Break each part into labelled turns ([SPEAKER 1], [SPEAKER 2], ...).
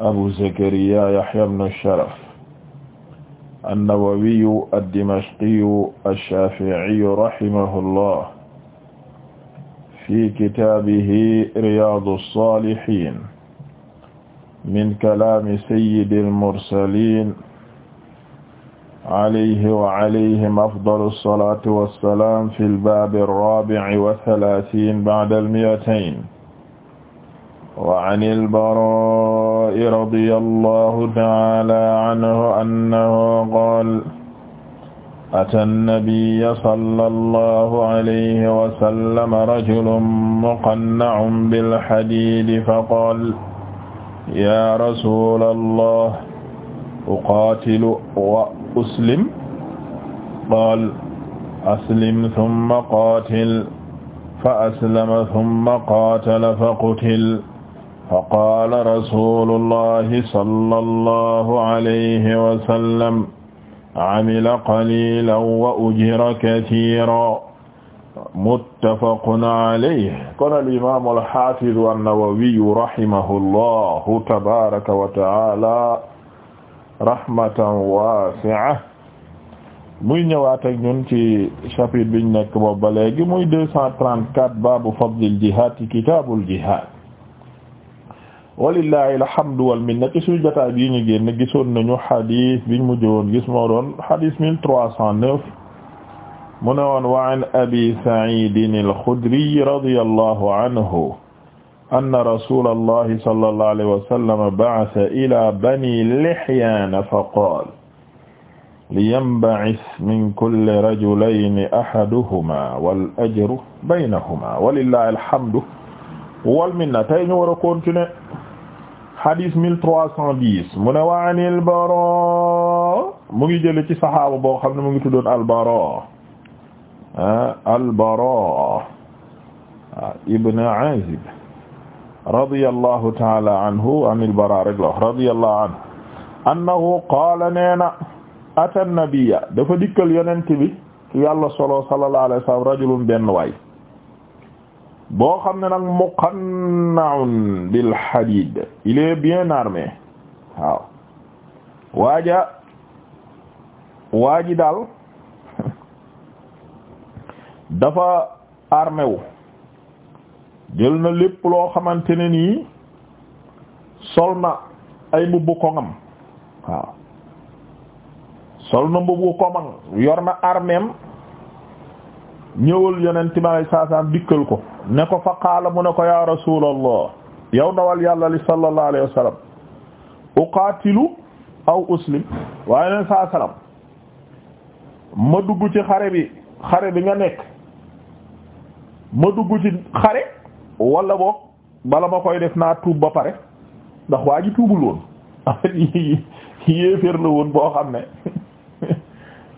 [SPEAKER 1] abu zakariya yahya ibn sharaf annawawiyu addimashqiyu alshafiiyu rahimahullah fi kitaabihi riyaadu saalihiin min kalaami sayyidi almursaliin alayhi wa alayhim afdalu salaatu wa salaam fil baabi raabi'i wa salaasiin ba'da al-mi'atayn wa an al-Baraa radiyallahu ta'ala anhu annahu qaala ataa an-nabiyya sallallahu alayhi wa sallam rajulun muqanna'un bil-hadiid faqaala yaa rasuulallah uqaatilu wa uslim qaala aslim thumma qaatil fa aslama thumma qaatala fa qutil faqaala rasulullahi sallallahu alayhi wa sallam amila qalilan wa ujira kasiiran muttafaqun alayhi kon al-imaamu al-haafidu an-nawawiyyu rahimahullahu tabaaraka wa ta'aala rahmatan waasi'a muy ñëwaat ak ñun ci chapitre biñ nekk boobu ba léegi muy 234 baabu fadlil jihaad ci kitaabul jihaad walillahi alhamdu wal minna ci suñu jotaay bii ñu génn gisoon nañu xadis biñ mujj woon gis moo doon xadis mille trois cent neuf mu ne woon wa an abi saidin alxudriy radiyallahu anhu anna rasulallahi sallallahu alayhi wa sallam ba'atha ila bani lihyaana fa qaala liyanba'is min kulli rajulayni ahaduhumaa wal ajru baynahumaa walillahi alhamdu wal minna tey ñu war a continuer hadis mille trois cent dix mu ne wa an al-Bara mu ngi jële ci saxaaba boo xam ne mu ngi tuddoon al-Bara ah al-Bara ah, ibn Azib radiyallahu ta'ala anhu an al-Bara rek la wax radiyallahu anhu annahu qaala neena ata an-nabiyya dafa dikkal yonent bi ci yàlla solo sallallahu alayhi wa sallam rajulun benn waay boo xam ne nag muqanna'un bil hadid il est bien armé waaw waaja waaji daal dafa armew wu jël na lépp loo xamante ne nii sol na ay mbubb koŋam waaw sol na mbubb koŋam yor na armeem ñëwal yonent bi alayhi salaam dikkal ko ne ko fa qaala mu ne ko ya rasuulallah yow dawal yàlla li sallallahu alayhi wa sallam uqaatilu aw uslim waaye yonent saa ma dugg ci xare bi xare bi nga nekk ma dugg ci xare wala boog bala ma koy def naa tuub ba pare ndax waa ji tuubul woon yéeféer la woon boo xam ne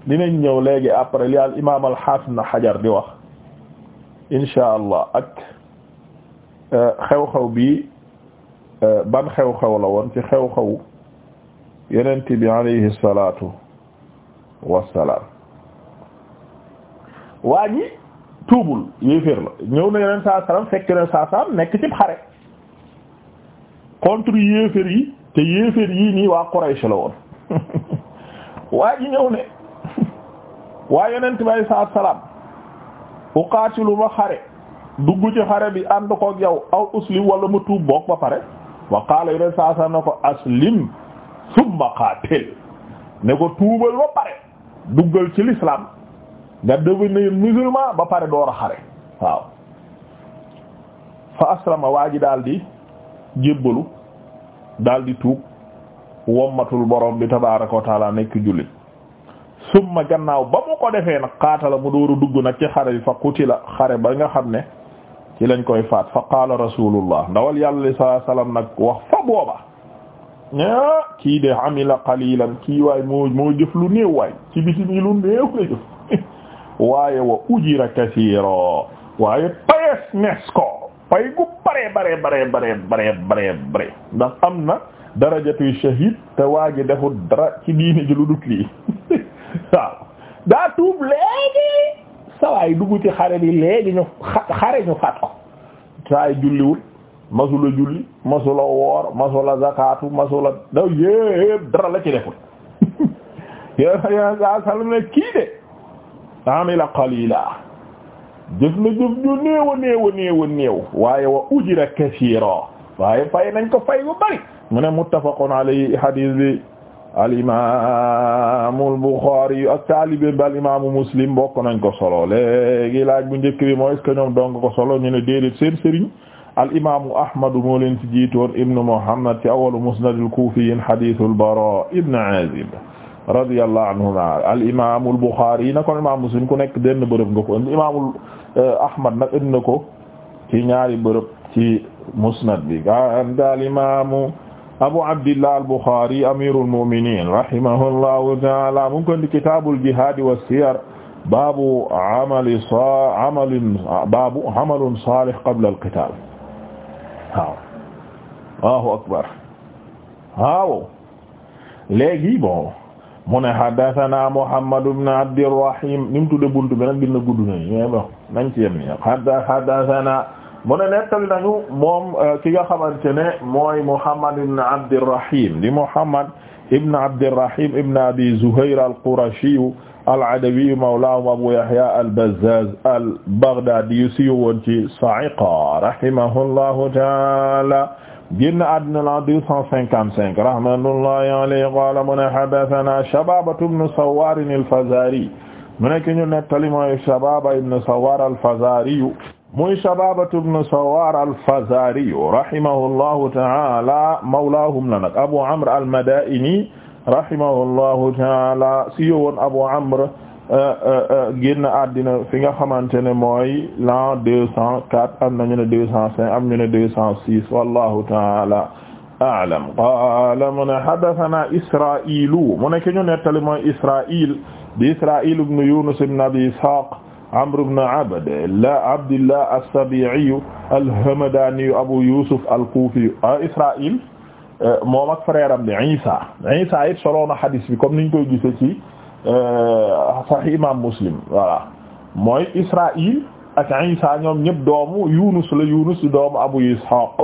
[SPEAKER 1] dinañ ñëw léegi après li al imaam al xaafis na xajar di wax insha allah ak euh, xew-xew bi euh, ban xew-xew la woon ci xew-xew yonent bi alayhi salaatu wassalaam waa ñi tuubul yéeféer la ñëw na yeneen saa salaam salaam nekk ci xare contre yi te yéeféer yii nii waa Quraysh la woon waa ñëw ne waa yonent bi alay salaatu salaam uqaatilu ma xare dugg ci xare bi ànd koog yow aw uslim wala ma tuub boog ba pare wa qaala yonent saa salaam na ko aslim summa qaatil ne ko tuubal ba pare duggal ci l'islam nga devenir musulman ba pare door a xare waaw fa aslama waa ji daal di jébbalu daal di tuub wommatul borom bi tabaaraka wa taala nekk jullit summa gannaaw ba mu ko defee nag qaatala mu dooru dugg nag ci xare bi fa qutila xare ba nga xam ne ci lañ koy faat fa qaala rasulullah ndawal yàlla sallallahu alayhi wasallam nag wax fa booba ñaa kii de amila qalilan kii waay moo jëf lu néew waay ci biti nii lu néew la jëf waaye wa ujira kasiiro waaye payees nees ko pay gu bare bare bare bare ndax am na darajatu shahid te waa ji deful dara ci diini ji lu dut lii waaw daa tuub léegi sawaay dugg ci xare bi léegi ñu xare ñu faat ko saay julliwul masula julli masula woor masula zakatu masula daw yépp dara la ci deful yéen yéen saa salam ne kii de amila qalila jëf na jëf ñu néew a néew waaye wa ujira kasiira waaye fay nañ ko fay bu bari mu ne muttafaqun alayhi hadith bi alimaamul Buxaari ak taalibe bi alimaamu Muslim bokk nañ ko solo léegi laaj bu njëkk bi mooy est-ce que ñoom dong ko solo ñu ne déedéet seen sëriñ alimaamu Ahmad moo leen ci jiitoon ibnu Muhammad ci awwalu musnadil kuufiyyiin hadiisul Baraa ibn Aazib radiyallahu anhumaa alimaamul Buxaari na ko imaam Muslim ku nekk benn bërëb nga ko imaamul Ahmad nag indi na ko ci ñaari bërëb ci musnad abu abdillah al-Bukhari amirul mu'minin rahimahullahu ta'ala mu ngi ko indi kitaabul jihaad wa siyar baabu amali sa amalin baabu amalun saalih qabla al-qitaal waaw Allahu akbar waaw léegi bon mu ne haddathana Muhammad ibn Abdirrahim ni mu tudd buntu bi nag dina gudd nañ mais bon nañ ci yem ni haddathana mu ne nettali nañu moom euh, ki nga xamante ne mooy Muhammad ibn Abdirrahim di Muhammad ibn Abdirrahim ibn Abi Zuhayr al-Qurashi al-Adawi mawlahum Abu Yahya al-Bazzaz al-Baghdadi si woon ci Sa'iqa rahimahullahu ta'ala génn àddina la 255 rahmatullahi alayhi qala mu ne haddathana Shababatu ibn Sawwar al-Fazari mu ne ki ñu nettali mooy Shababa ibn Sawwar al-Fazari muy Shabaabatu bnu Sawaar al-Fazaariyu rahimahullahu ta'aala mawlaahum la nag Abu Amr al-Madaa'ini rahimahullahu ta'aala si yowoon Abu Amr euh, euh, euh, génn àddina fi nga xamante ne mooy l'an deux cent quatre am nañu ne deux cent cinq am ñu ne deux cent six wallaahu ta'aala a'lam qaala mu ne haddathanaa Israa'iilu mu ne ki ñu nettali mooy Israa'iil di Israa'iil ibnu Yuunus ibnu Abii Ishaaq Amr ibn Abd la Abdillah as-Sabi'i al-Hamdani Abu Yusuf al-Kufi Israa'il moom ak frère am bi Isa Isa it solo na hadis bi comme niñ koy gisee ci euh, Sahih Imam Muslim voilà mooy Israa'il ak Isa ñoom ñëpp doomu Yunus la Yunus doomu Abu Ishaq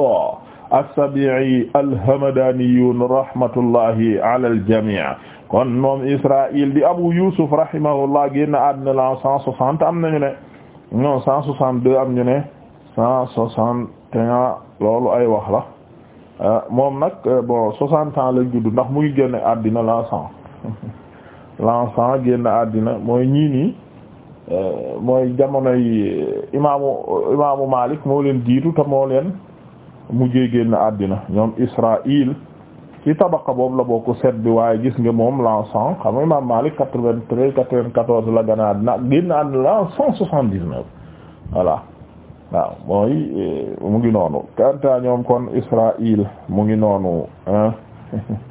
[SPEAKER 1] as-Sabi'i al-Hamdani rahmatullahi ala al-jami' kon moom Israaïl di Abu Yusuf rahimahullah génn àddina la 160 am nañu ne non 162 am ñu ne 161 loolu ay wax la moom nag bon 60 ans la judd ndax mu ngi génn àddina la 100 la génn àddina mooy ñii nii mooy jamonoy imaamu imaamu Malik moo leen jiitu te moo leen mujjee génn àddina ñoom Israaïl. ci tabaqa boobu la bokk set bi waaye gis nga moom l'an cent xam nga Imam quatre-vingt-treize quatre-vingt-quatorze la ganaat na génn ànd l'an cent soixante-dix-neuf voilà waaw mooy eh, mu ngi noonu kanta ñoom kon Israël mu ngi noonu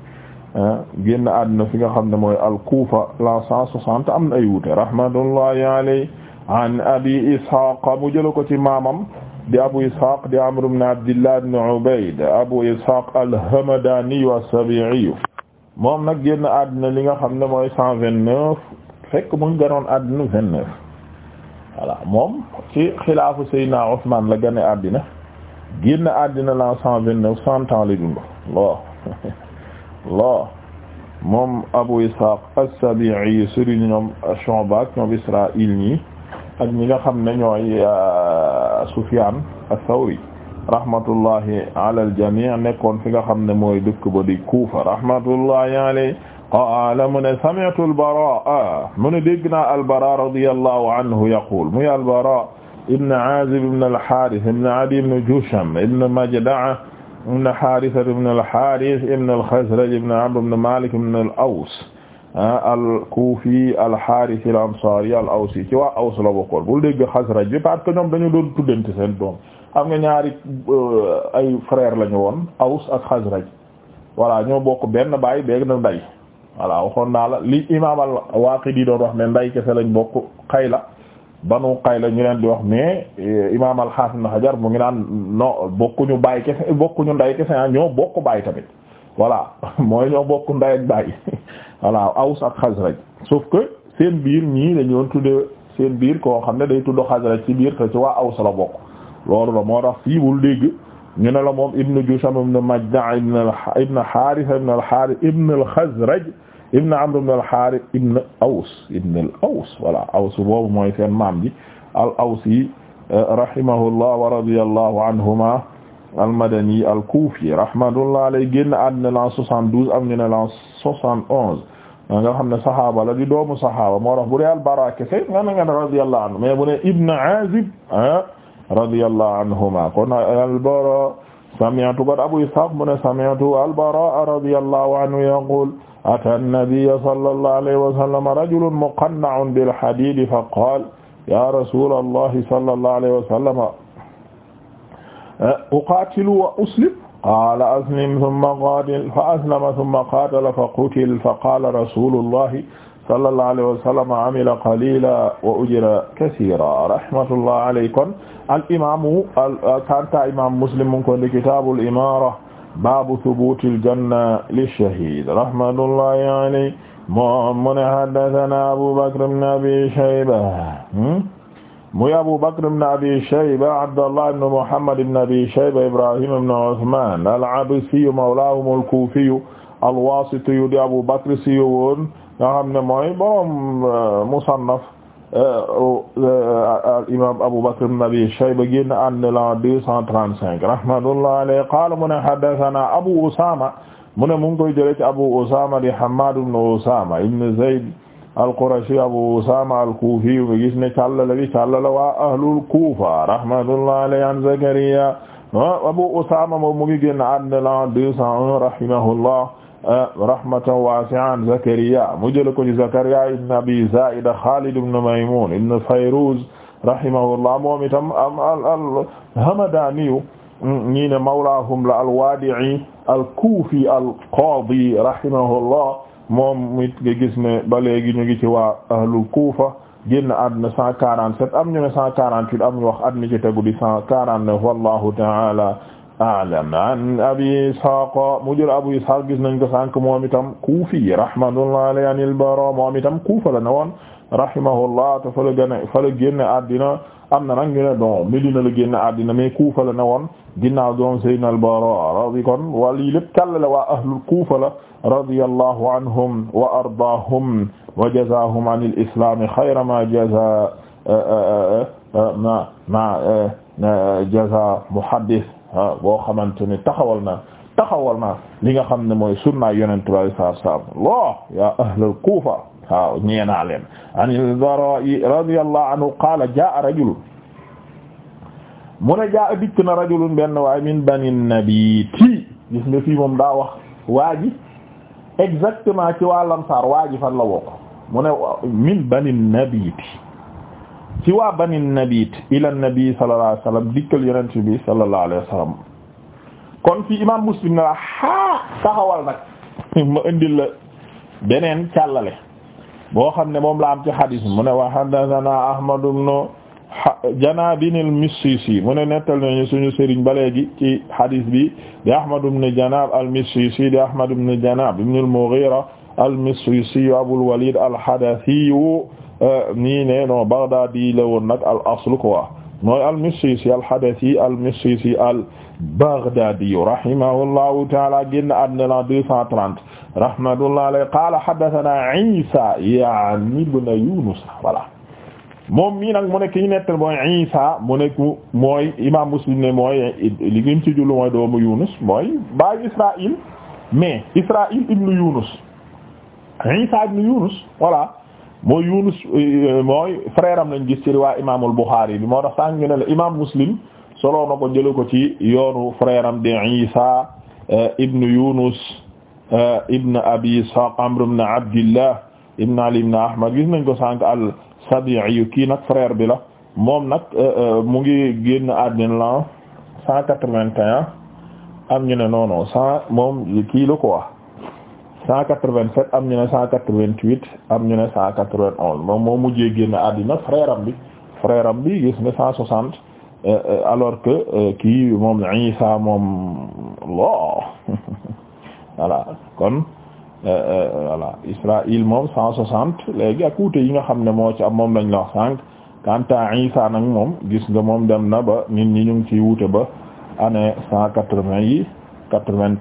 [SPEAKER 1] génn àddina fi nga xam ne mooy al-Kufa l'an cent soixante am na ay wuute rahmatullahi alayhi an abi Ishaq mu jëla ko ci maamam di abu ishaq di amr ibn abdillah ibn ubayd abu ishaq al-hamadani as-sabi'i moom nag génn àddina li nga xam ne mooy cent vingt neuf fekk mu ngi vingt neuf voilà moom ci xilaafu sayyidina Usman la gane àddina génn àddina la cent vingt neuf cent Allah moom abu ishaq as-sabi'i sëriñ ñoom Shu'ba ñoom Israa'il ñi ak ñi nga xam ne ñooy euh, Sufyaan as-Sawri rahmatullahi ala al-jamii nekkoon fi nga xam ne mooy dëkk ba di Kuufa rahmatullahi alayhi qaala mu ne sami'tu al-Baraa mu ne dégg naa al-Baraa radiyallahu anhu yaqul muy al-Baraa ibn Aazib ibn al-Haaris ibn Adiy ibn Jusham ibn Majda'a ibn Haarisa ibn al-Haaris ibn al-Khazraj ibn Amr ibn Maalik ibn al-Aws Ah, al-Kufi al-Harith al-Ansari al-Awsi ci waa Aws la bokkoon bul dégg Xasraj bi parce que ñoom dañu doon tuddante seen doom xam nga ñaari euh, ay frère lañu woon Aws ak Xasraj voilà ñoo bokk benn baay beeg na nday voilà waxoon naa la li imaam al-Waaqidi doon wax ne nday kese lañ bokk xay xayla banu xayla ñu leen di wax mais euh, imaamal al-Haafiz Ibn Hajar mu ngi naan non bokkuñu baay kese bokkuñu nday kese ah, ñoo bokk baay tamit voilà mooy ñoo bokk nday ak baay voilà Aws ak Xasraj sauf que seen biir ñii dañu doon tuddee seen biir koo xam ne day tudd Xasraj ci biir te ci waa Aws la bokk loolu la moo tax fii bul dégg ñu ne la moom ibn Jusham ibn Majda' ibn ibn Haarisa ibn al-Haarith ibn al-Xasraj ibn Amr ibn al-Haarith ibn Aws ibn al-Aws voilà Aws boobu mooy seen maam ji al-Awsi rahimahullah wa radiyallahu anhuma al-Madani al-Kufi rahmatullah alayhi génn àddina l'an 72 am ñu ne l'an 71 nga xam ne saxaaba la di doomu saxaaba moo tax bu dee al-Baraa kese nga ne nga ne radiyallahu anhu mais bu ne Ibn Azib ah radiyallahu anhuma kon al-Baraa sami'tu qad Abu Ishaq mu ne sami'tu al-Baraa radiyallahu anhu yaqul ata an-nabiyya sallallahu alayhi wa sallam rajulun muqanna'un bil-hadid fa qala ya rasulallahi sallallahu alayhi wa sallam uqaatilu wa uslim qaala aslim thumma qaatil fa aslama thumma qaatala fa qutil fa qaala rasulullahi sallallahu alayhi wa sallam amila qalila wa ujira kasira rahmatullah alayhi kon al imamu kanta imam muslim mu ngi ko ndi kitabul imara babu thubutil janna lishahid rahmatullahi alayhi moom mu ne haddathana abu bakr ibn abi shayba hmm? muy Abu Bakr ibn Abi Shayba Abdallah ibn Muhammad ibn Abi Shayba Ibrahim ibn Uthman al-Absiyu mawlaahum al-Kufiyu al-Wasitiyu di Abu Bakr siyu woon nga xam ne mooy borom euh, Musannaf euh, euh, al-Imam Abu Bakr ibn Abi Shayba génn ànd la 235 rahmatullahi alayhi qaala mu ne haddathana Abu Usama mu ne mu ngi koy jëlee ci Abu Usama di Hammad ibn Usama ibn Zayd al-Qurashi Abu Usaama al-Kuufi mu gis ne càllala bi càllala waa ahlul Kuufa rahmatullahi alayhi an Zakariya Abu Usaama moom mu ngi génn àddina la 201 rahimahullah eh, rahmatan waasi'an Zakariya mu jël ko ci Zakariya ibn Abi Zaa'ida Xaalid ibn Maymuun ibn Fayruz rahimahullah moom itam al-Hamdaaniyu mm, ñii ne mawlaahum la al-Waadi'i al-Kuufi al-Qaadi rahimahullah moom it nga gis ne ba léegi ñu ngi ci waa ahlul Kufa génn àdduna cent quarante am ñu ne cent quarante-huit am ñu wax at mi ci tegu di cent quarante-neuf wallahu ta'ala a'lam an abi ishaq mu jël abu ishaq gis nañ ko sànk moom itam kuufi rahmatullahi alayhi an al-Bara moom itam Kufa la ne woon rahimahullah te fa la gën a fa la génn àddina am na nag ñu ne bon Medina la génn àddina mais Kuufa la ne woon ginnaaw doom Seydina al-Baraa radi kon waa lii lépp càll la waa ahlul Kuufa la radiyallahu anhum wa ardaahum wa jazaahum an al-islaam xayra ma jaza eh, eh, eh, ma ma jaza muhaddis boo xamante ne taxawal na taxawal na li nga xam ne mooy sunna Yonent bi sallallahu alayhi wa sallam ya ahlul Kuufa waaw ñeenaa leen an al-Baraa radiyallahu anhu qaala jaa rajul mu ne jaa dikk na rajulun benn waaye min bani nabiiti gis nga fii moom daa wax waa ji exactement ci waa lamsaar waa ji fan la wokk mu ne min bani nabiiti ci waa bani nabiit ila nabi sallallahu alayhi wasallam dikkal yonent bi sallallahu alayhi wasallam kon fii imaam muslim na la xaa taxawal nag ma indil la beneen càllale boo xam ne moom la am ci hadis mu ne wa haddathana Ahmad ibn Janabin al-Missisi mu ne nettal nañu suñu sëriñ ba léegi ci hadis bi di Ahmad ibn Janab al-Missisi di Ahmad ibn Janab ibn al-Mughira al-Missisi Abul Walid al-Hadathi euh, nii ne non Baghdadi la woon nag al aslu quoi mooy al-Missisi al-Hadathi al-Missisi al-Baghdadi rahimahullahu ta'ala génn àddina la 230 rahmatullahi alayhi qaala haddathana Isa ya'ni ibn Yunus voilà moom mii nag mu nekk ki ñu nettal mooy Isa mu nekk mooy imaam Muslim ne mooy li ngeen ci jullu mooy doomu Yunus mooy baayu Israa'il mais Israa'il ibn Yunus Isa ibn Yunus voilà. mooy Yunus euh, mooy frère am lañ gis ci riwaa imaamul Buxaari bi moo tax sànq ñu ne la imaam Muslim solo na ko jëlee ko ci yoonu frère am di Isa euh, ibn Yunus euh, ibn Abi Ishaq Amr ibn Abdillah ibn Ali ibn Ahmad gis nañ ko sànq al-Sabi'i kii nag frère bi la moom nag mu ngi génn àddina la 181 am ñu ne non non kii la quoi. cent quatre-vingt-sept am ñu ne cent quatre-vingt-huit am ñu ne cent moom moo mujjee génne àddina frère bi frère bi gis nga cent soixante euh, euh, alors que euh, kii moom Isa moom lo voilà kon voilà Israël moom cent soixante léegi ak wute yi nga xam ne moo ci am moom lañ la wax sànq quant à Isa moom gis nga moom dem na ba nit ñi ñu ngi ciy wuute ba année cent quatre-vingt yi 81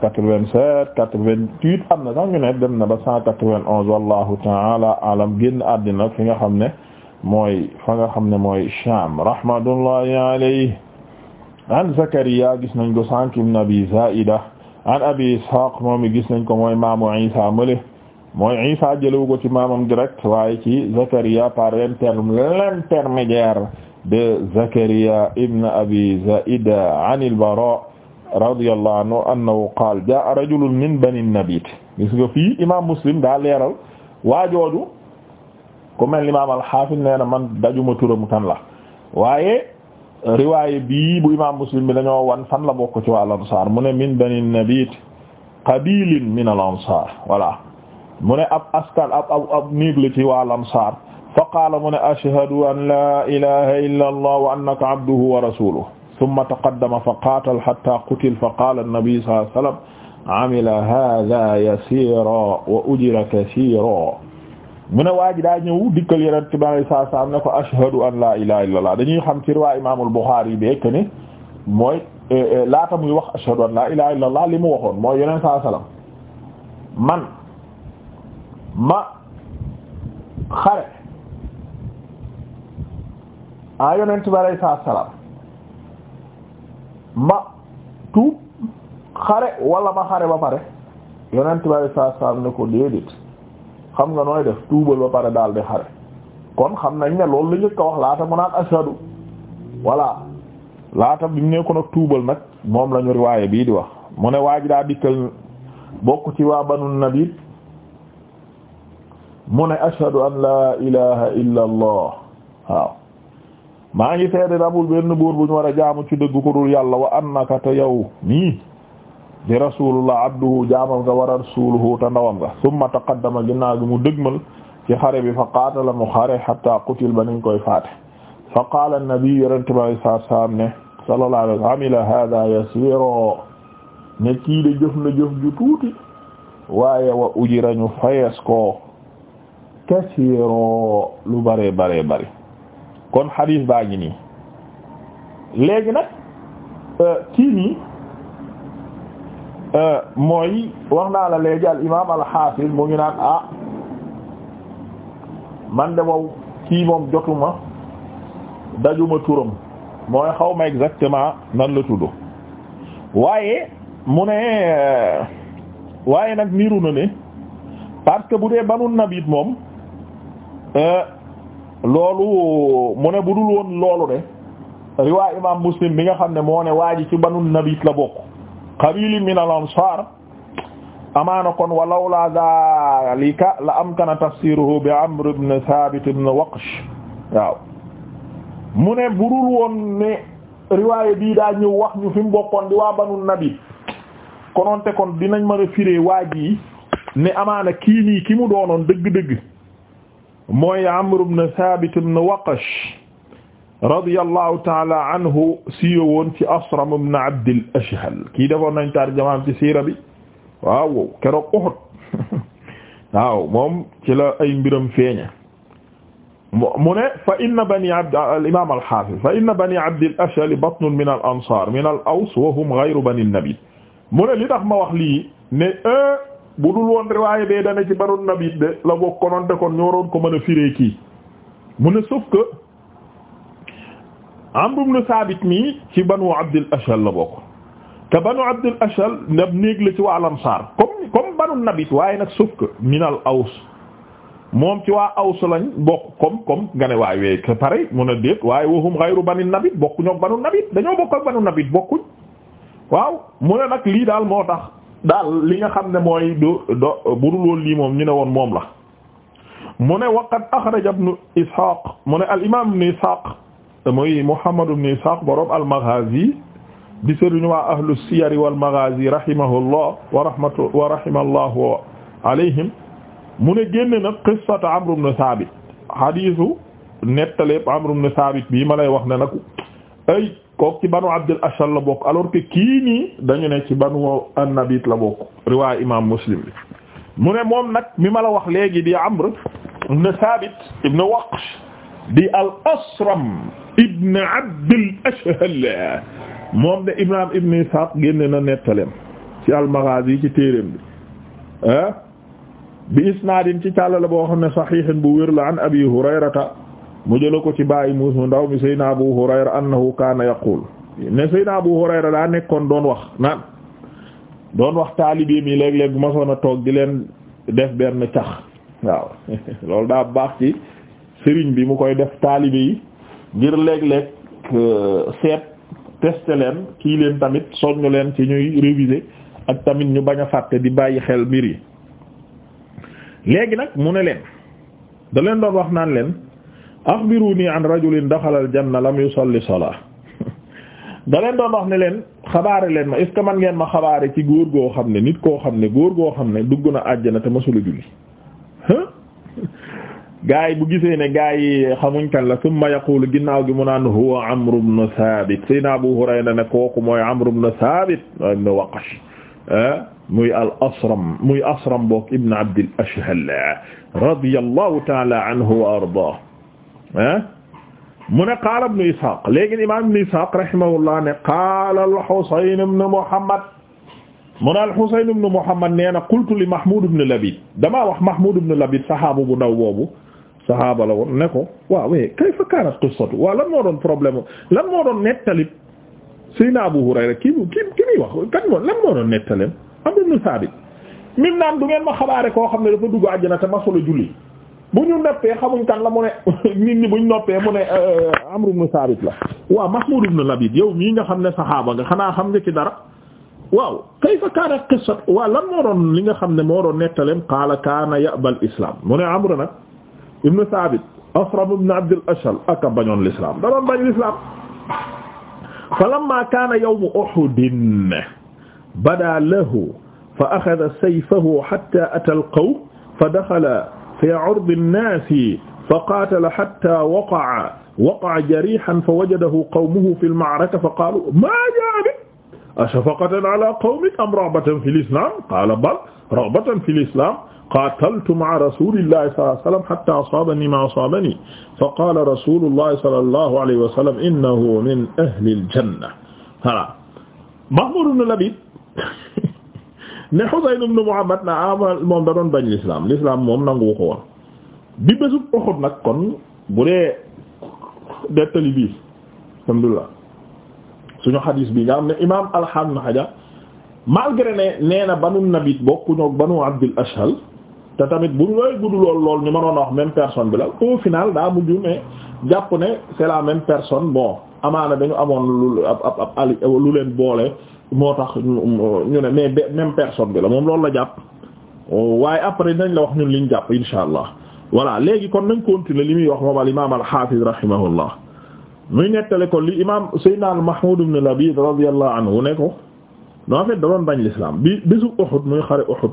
[SPEAKER 1] 87 88 am na sax ñu ne dem na ba 191 wallahu taala alam génn àddina fi nga xam ne mooy fa nga xam ne mooy Sham rahmatullahi alayhi an Zakariya gis nañ ko sànq ibn Abi Zaida an Abi Ishaq moom gis nañ ko mooy maamu Isa male mooy Isa jëlewu ko ci maamam direct waaye ci Zakariya par l'intermédiaire de Zakariya ibn Abi Zaida an al-Bara radiyallahu anhu annahu qaal jaa rajulun min bani nabiit gis nga fii imaam muslim daa leeral waajooju ku mel imaam al-Hafiz nee na man dajuma turam kan la waaye riwaay bii bu imaam muslim bi dañoo wan fan la bokk ci waa al-Ansaar mu ne min bani nabiit qabilin min al-Ansaar voilà mu ne ab askan ab ab ab néeg la ci waa al-Ansaar fa qaala mu ne ashhadu an laa ilaaha illa allah wa annaka abduhu wa rasuluhu thumma taqaddama fa qaatal hatta qutil fa qaala an-nabi sallallahu alayhi wa sallam amila hadha yasira wa ujira kasira mu ne waa ji daa ñëw dikkal yeneen tubaab yi saa saa ne ko ashhadu an laa ilaaha illallaah dañuy xam ci riwaa imaamul Buxaari beek ne mooy eh, eh, laata muy wax ashhadu an laa ilaaha illallaah li mu waxoon mooy yeneen saa salaam man ma xare a ah, yeneen tubaab yi saa salaam ma tuub xare wala ma xare ba pare yonent bi alei saatu salaam ne ko déedéet xam nga nooy def tuubal ba pare daal di xare kon xam nañ ne loolu la njëkk a wax laata mu naan ashadu voilà laata bi mu ne ko nag tuubal nag moom la ñu riwaaye bii di wax mu ne waa ji daa dikkal bokk ci waa banu nabiit mu ne ashadu an laa ilaha illa waaw maa ngi seede amul benn buur bu ñu war a jaamu ci dëgg ko dul yàlla wa annaka te yow nii di rasulullah abduhu jaamam nga wa rasuluhu te ndawam nga summa taqaddama ginnaaw gi mu dëgmal ci xare bi fa qaatala mu xare hatta qutil ba niñ koy faate fa qaala an-nabi yonente bi alayhi salaatu salaam ne sallallahu alayhi wa sallam amila hada yasiro ne kii de jëf na ju tuuti waaye wa ujira ñu fayees ko kasiro lu bare bare bare kon xadiis baa ngi nii léegi nag euh, kii nii euh, mooy wax naa la léegi al imaam al xaafis mu ngi naan ah man de wow kii moom jotuma dajuma turam mooy xaw ma exactement nan la tudd waaye mu ne waaye nag niiru na ne parce que bu dee banu nabiit moom euh, loolu mu ne bu dul woon loolu de riwaa imam muslim bi nga xam ne moo ne waa ji ci banu nabit la bokk qabili min al ansar amaana kon wa lawla dhalika la amkana tafsiruhu bi amr ibn thabit ibn waqsh waaw mu ne bu dul woon ne riwaaye bii daa ñëw wax ñu fi mu bokkoon di waa banu nabit konoonte kon dinañ mën a firé waa ji ne amaana kii nii ki mu doonoon dëgg-dëgg mooy Amr ibn Thabit ibn Waqash radiyallahu ta'ala anhu siiwe woon ci Asram ibn Abd al-Ashhal kii defoon nañ tarjamaam ci siira bi waaw keroog Uhud waaw moom ci la ay mbiram feeñe mu ne fa inna bani abd al-imam al-hafiz fa inna bani abd al-ashhal batnun min al-ansar min al-aws wa hum ghayru bani an-nabi mu ne li tax ma wax lii ne bu dul woon riwaaye bee dana ci banu nabit de la bokk kononte kon ñu waroon ko mën a firee kii mu ne sauf que Amr ibn Saabit mii ci banu Abdul Ashal la bokk te banu Abdul Ashal ndab néeg la ci waa Ansaar comme comme banu nabit waaye nag sauf que minal Aws moom ci waa Aws lañ bokk comme comme nga ne waay weey c'est pareil mu ne déet waaye wahum ghayru bani nabit bokkuñu ak banu nabit dañoo bokk ak banu nabit bokkuñ waaw mu ne nag lii daal moo tax daal li nga xam ne mooy du woon lii moom ñu ne woon moom la mu ne waqad axraja ibnu ishaq mu ne al imam ibnu ishaq mooy muhammad ibnu ishaq borom al maghazi di sëriñ waa ahlu siyar wal maghazi rahimahullah wa rahmatu wa rahimallahu alayhim mu ne génne na qissat amr ibn thabit hadisu nettaleeb amr wax ne nag ay kook ci banu Abdul Ashal la bokk alors que kii nii dañu ne ci banu Annabit la bokk riwaay imaam Muslim mu ne moom nag mi ma la wax léegi di Amr ibn Thabit ibn Waqsh di al-Asram ibn Abdul Ashal moom de imaam ibn Ishaq génne na nettaleem ci al-Maghazi ci téereem bi ah? isnaadin ci càlla la boo xam ne saxiixin bu wér an Abi Hurayrata mu jëla ko ci bàyyi muus mu ndaw mi Seydina Abu Hurayra annahu kaana yaqul ne Seydina Abu Hurayra daa nekkoon doon wax naan doon wax taalibe mi léeg-léeg bu ma a toog di leen def benn cax waaw loolu daa baax ci sëriñ bi mu koy def taalibe yi ngir léeg-léeg euh, seet teste leen kii leen tamit soññ leen ci ñuy réviser ak tamit ñu bañ a fàtte di bàyyi xel mbir yi léegi nag mu ne leen da leen doon wax naan leen axbiruni an rajulin daxala al janna lam yusalli salaa da leen doon wax ne leen xabaare leen ma est-ce que man ngeen ma xabaare ci góor goo xam ne nit koo xam ne góor goo xam ne dugg na àjjana te masula julli gaa yi bu gisee ne gaa yi xamuñ kan la summa yaqulu ginnaaw gi mu naan huwa Amr ibn Thabit sayna Abu Hurayra ne kooku mooy Amr ibn Thabit ibn Waqash muy al asram muy asram bokk ibn Abd al Ashhal radiyallahu ta'ala anhu wa ardaah ah mu ne qaala ibnu Ishaq léegi imaam ibnu Ishaq rahimahullah ne qaala al-Husayn ibnu Muhammad mu ne al-Husayn ibnu Muhammad nee na qultu li Mahmoud ibnu Labid damaa wax Mahmoud ibnu Labid saxaabu bu ndaw boobu saxaaba la woon ne ko waaw oui kayfa kaanat qissatu waaw lan moo doon problème lan moo doon nettali Seydina Abu Hurayra kii kii kii muy wax kan moo lan moo doon nettaleem Amr ibnu Saabit min naan du ngeen ma xabaare koo xam ne dafa dugg àjjana te ma solo julli. bu ñu noppee xamuñ kan la mu ne nit ñi bu ñu noppee mu ne euh, Amru ibn Saabit la waaw Mahmud ibn Labid yow mii nga xam ne saxaaba nga xanaa xam nga ci dara waaw kayfa kaana qissat waaw lan moo doon li nga xam ne moo doon nettalem qaala kaana ya'bal islam mu ne Amru nag ibn Saabit Asram ibn Abd al-Ashal aka bañoon l'islam da doon bañ l'islam falamma kaana yawmu Uhudin badaa lahu fa akhadha sayfahu hatta ata al-qawm fa dakhala fi urdi nnaasi fa qaatala hatta waqa'a waqa'a jarihan fa wajadahu qawmuhu fi lmaaraka fa qaalu maa jaa bik ashafaqatan ala qawmik am rahbatan fi lislam qaala bal rahbatan fi lislam qaataltu ma'a rasulillahi sallallahu alayhi wa sallam hatta asaabani maa asaabani fa qaala rasulullahi sallallahu alayhi wa sallam innahu min ahli aljanna voilà Mahmoud ibn Labid ne Husayn ibn Muhammad na amal ah, moom da doon bañ l'islam l'islam moom nangu ko woon bi bésub Uhud nag kon bu dee dettali bii suñu xadiis bi nga xam ne imaam alxaam na xaja malgré ne nee na banu nabit bokkuñu ak banu abdil ashal te tamit bu looy gudd lool lool ñu mënoon a wax même personne bi la au final daa mujj ne jàpp ne c'est la même personne bon amaana dañu amoon lu lu leen boole moo tax ñu ne mais même personne bi la moom loolu la jàpp waaye après nañ la wax ñun liñ jàpp insha allah voilà léegi kon nañ continuer li muy wax moom al imaam al xaafiz rahimahullah muy nettale ko li imaam Seydina al Mahmoud ibn Labid radiyallahu anhu ne ko no en doon bañ l'islam bi bisu Uhud muy xare Uhud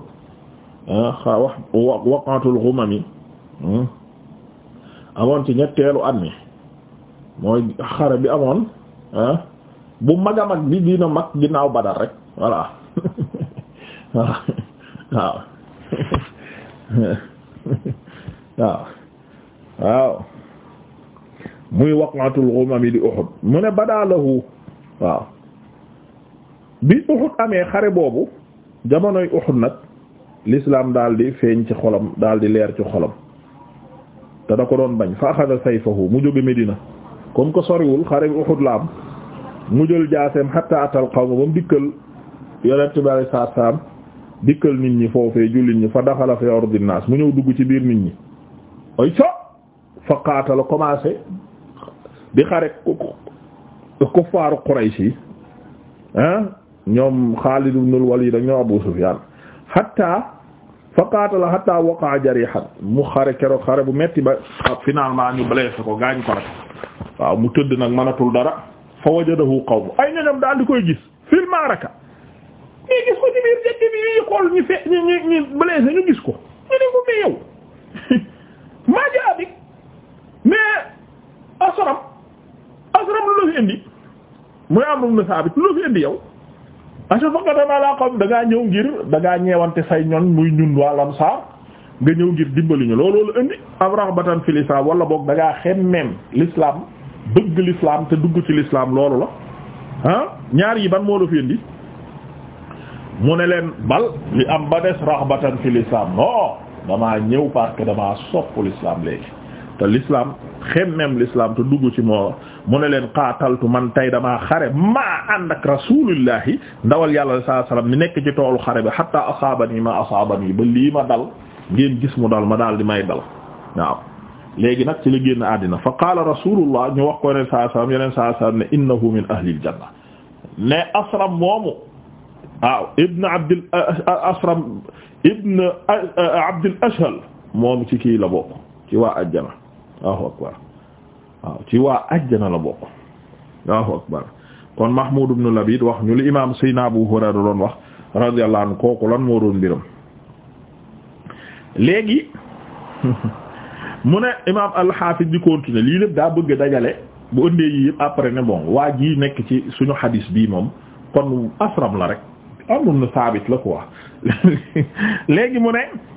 [SPEAKER 1] ah wax waqatul ghumam yi hmm, amoon ci ñetteelu at mi mooy xare bi amoon ah, bu mag a mag bi dina mag ginnaaw badal rek voilà waaw waaw waaw waaw muy waqatul ghumami di Uhud mu ne badaalahu waaw bi Uhud amee xare boobu jamonoy Uhud nag l'islam daal di feeñ ci xolam daal di leer ci xolam te da ko doon bañ fa axada sayfahu mu jóge Medina comme que soriwul xare bi Uhud la am mu jël jaaseem hatta atal qawma ba mu dikkal yonent bi alayhi salaatu dikkal nit ñi foofee jullit ñi fa daxala fi ardi mu ñëw dugg ci biir nit ñi ay so fa qaatala commencé di xare kuffaaru Quraysh yi ah ñoom Xaalid ibnul Waliid ak ñoom Abu Sufyaan hatta fa qaatala hatta waqa'a jarihan mu xare keroog xare bu metti ba finalement ñu blessé ko gaañ ko rek waaw mu tëdd nag mënatul dara fa wajadahu qawm ay ñoñom daal di koy gis fil maraka ñii gis ko ci biir jënd bi ñuy xool ñu fe ñu ñu ñu blessé ñu gis ko ñu ne ko mais yow maa jaa mais asram asram lu la fi indi muy amul na saabit lu la fi indi yow ashfaqatan ala qawm da ngaa ñëw ngir dangaa ngaa ñeewante say ñoon muy ñun waa Ansaar nga ñëw ngir dimbali ñu looloo la indi am rahbatan fil islam wala boog dangaa ngaa xemmeem l'islam bëgg l'islam te dugg ci l'islam loolu la ah ñaar yi ban moo la fi mu ne leen bal li am ba des raxbatan fi l'islam non damaa ñëw parce que sopp l'islam léegi te l'islam xemmem l'islam te dugg ci moo mu ne leen qaataltu man tey damaa xare maa ànd ak rasulillahi ndawal yàlla saa salaam mi nekk ci toolu xare bi hatta asaabani ma asaabani ba lii ma dal ngeen gis mu dal ma daal di may dal waaw léegi nag ci la génn àddina fa qaala rasulullah ñu wax ko yeneen saa salaam yeneen saa salaam ne innahu min ahlil janna ne asram moomu waaw ibn abdil asram ibn abdil ashal moom ci kii la bokk ci waa ajjana Allahu akbar waaw ci waa ajjana la bokk Allahu akbar kon mahmud ibn labid wax ñu li imam sayna abu hurayra doon wax radiyallahu anhu kooku lan moo doon mbiram léegi mu ne imaam alxaafis di continuer lii lépp daa bëgg dajale bu ëndee yi yëpp après ne bon waa jii nekk ci suñu xadiis bii moom kon asram la rek amul na saabit la quoi léegi mu ne